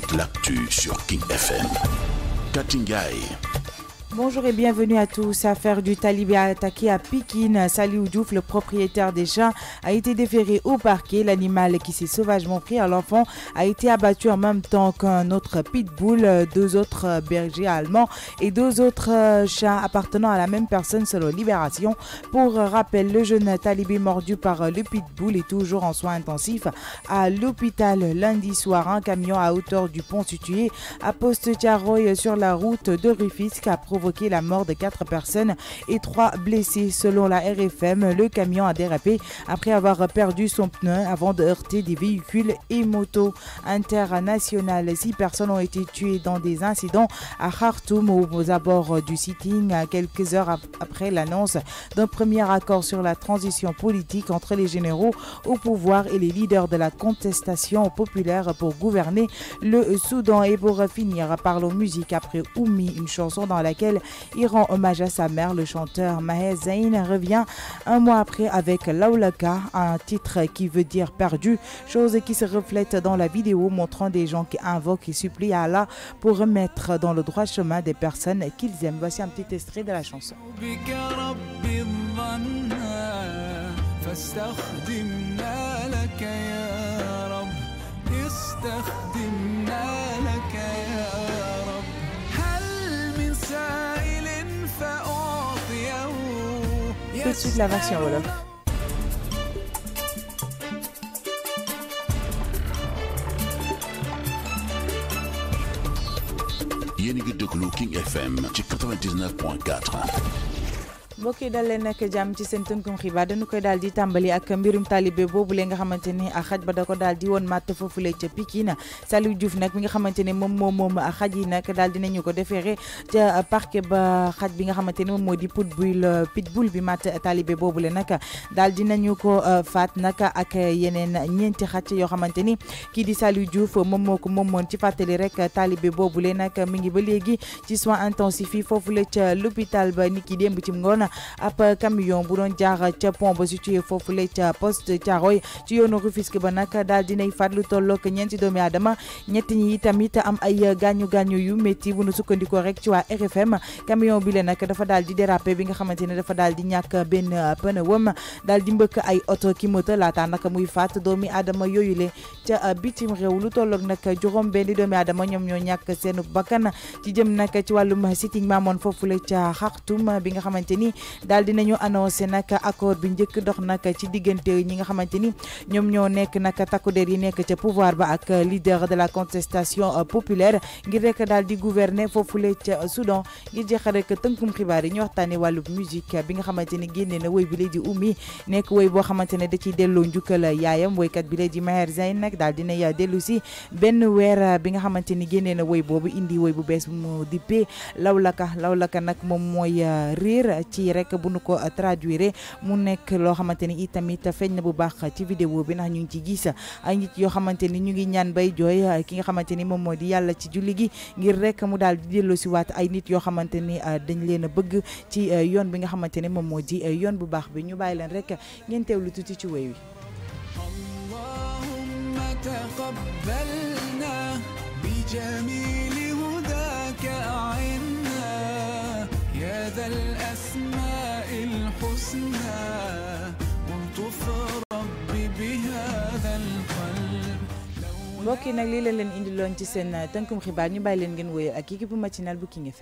toute l'actu sur King FM. Katingai Bonjour et bienvenue à tous. Affaire du talibé attaqué à Pékin. Salih Oudouf, le propriétaire des chats, a été déféré au parquet. L'animal qui s'est sauvagement pris à l'enfant a été abattu en même temps qu'un autre pitbull, deux autres bergers allemands et deux autres chats appartenant à la même personne selon Libération. Pour rappel, le jeune talibé mordu par le pitbull est toujours en soins intensifs à l'hôpital lundi soir. Un camion à hauteur du pont situé à Poste-Tiaroy sur la route de Rufisque a provoqué provoqué la mort de quatre personnes et trois blessés. Selon la RFM, le camion a dérapé après avoir perdu son pneu avant de heurter des véhicules et motos internationales. Six personnes ont été tuées dans des incidents à Khartoum aux abords du sitting quelques heures après l'annonce d'un premier accord sur la transition politique entre les généraux au pouvoir et les leaders de la contestation populaire pour gouverner le Soudan. Et pour finir, parlons musique après Oumi, une chanson dans laquelle il rend hommage à sa mère. Le chanteur Maher Zain revient un mois après avec Laulaka, un titre qui veut dire perdu, chose qui se reflète dans la vidéo montrant des gens qui invoquent et supplient Allah pour remettre dans le droit chemin des personnes qu'ils aiment. Voici un petit extrait de la chanson. peu dessus de la version Wolof. Yéen a King FM 99.4. mbokk yi dal leen nag jàmm ci seen tënkum xibaar dañu koy daal di tàmbali ak mbirum boobu boobule nga xamante ni xaj ba da ko daal di woon màtt foofule ca Pikine Saliou Diouf nag mi nga xamante ne moom moo moom xaj yi nag daal dinañu ko defeere ca parquet ba xaj bi nga xamante ne moom moo di pitbull pitbull bi màtt taalibe boobule nag daal dinañu ko euh, faat nag ak yeneen ñeenti xaj yoo xamante ni kii di Saliou Diouf moom moo ko moomoon ci fàttali rek taalibe boobule nag mi ngi ba léegi ci soins intensifs yi foofule ca l'hôpital ba ki niki démb ci ngoon ab camion bu doon jaar ca pont ba situé foofu le ca poste Thiaroye ci yoonu Rufisque ba nag daal dinay faat lu tollook ñeenti doomi aadama ñett ñi tamit am ay gaañu gaañu yu métti bu nu sukkandikoo rek ci waa RFM camion bi le nag dafa daal di déraper bi nga xamante ne dafa daal di ñakk benn pneu wam daal di mbëkk ay oto ki moto laata nag muy faat doomi adama yooyu le ca bitim réew lu tollook nag juróom benn doomi aadama ñoom ñoo ñakk seen bakkan ci jëm nag ci wàllum sit-in maamoon foofu daal di nañu annoncé nag accord bi njëkk dox nag ci diggante ñi nga xamante ni ñoom ñoo nekk nag takkudeer yi nekk ca pouvoir ba ak leader de la contestation populaire ngir rekk daal di gouverner foofule ca Soudan ngir jeexal rek tënkum xibaar yi ñu waxtaanee wàllu musique bi nga xamante ni génne na woy bi lay ji ummi nekk woy boo xamante ne da ciy delloo njukkal yaayam woykat bi lay di Maher Zain nag daal dinay dellu si benn weer bi nga xamante ni génne na woy boobu indi woy bu bees bu mu dippee lawlaka lawlaka nag moom mooy riir ci yi rek bu nu ko traduire mu nekk loo xamante ni itamit feeñ na bu baax ci vidéo bi nax ñu ngi ci gis ay nit yoo xamante ni ñu ngi ñaan bay jooy ki nga xamante ni moom moo di yàlla ci julli gi ngir mu daal di delloo si ay nit yoo xamante ni ah, dañ leen a bëgg ci eh, yoon bi nga xamante ni moom moo di eh, yoon bu baax bi ñu bàyyi leen rek ngeen teewlu tuuti ci wéy wi تقبلنا بجميل هداك mbokk nag lii la leen indiloon ci seen uh, tënkum xibaar ñu bàyyi leen a wéyal ak équipe matinale bu King FM